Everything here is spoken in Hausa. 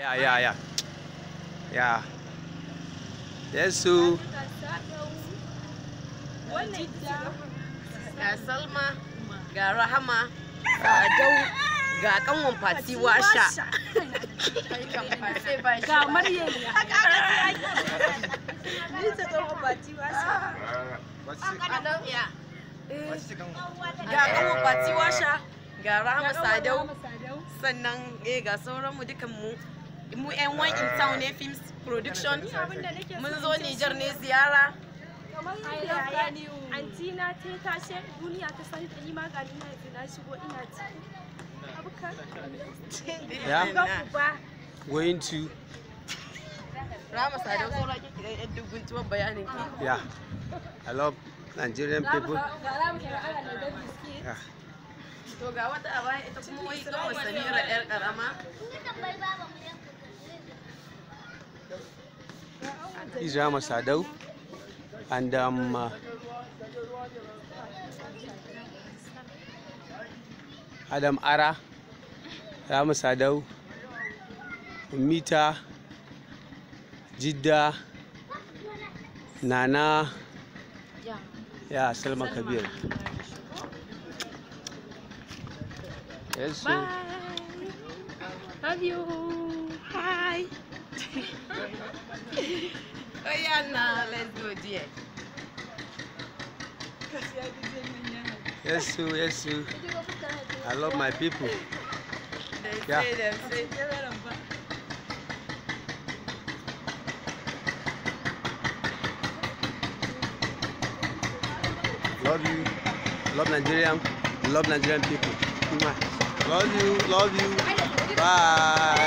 Yeah, yeah, yeah. Yeah. ga Salma, ga Rahama, ga Adau, ga kanwan Ga Maryam. Ni ta Ga kanwan Fati Washa, ah. Sannan eh ga sauran mu mu. mu yan wan in town ne films production mun zo Nijar ne ziyara antina ta ta ce duniya ta ta yi magani na na shigo ina ciki yeah. going to Rama Sadau saura kike dan yan tuwon bayanin ki i love nigerian people to ga wata a baya ita kuma wai samira yar karama This Sadau, and um, uh, Adam Ara, Rama Sadau, Mita, Jidda, Nana, yeah, yeah Salma Kabir. Yes. Bye. Love you. now, let's go, dear. Yes, sir, yes, sir. I love my people. They yeah. say them, say Love you. Love Nigerian. Love Nigerian people. Mwah. Love you. Love you. Bye.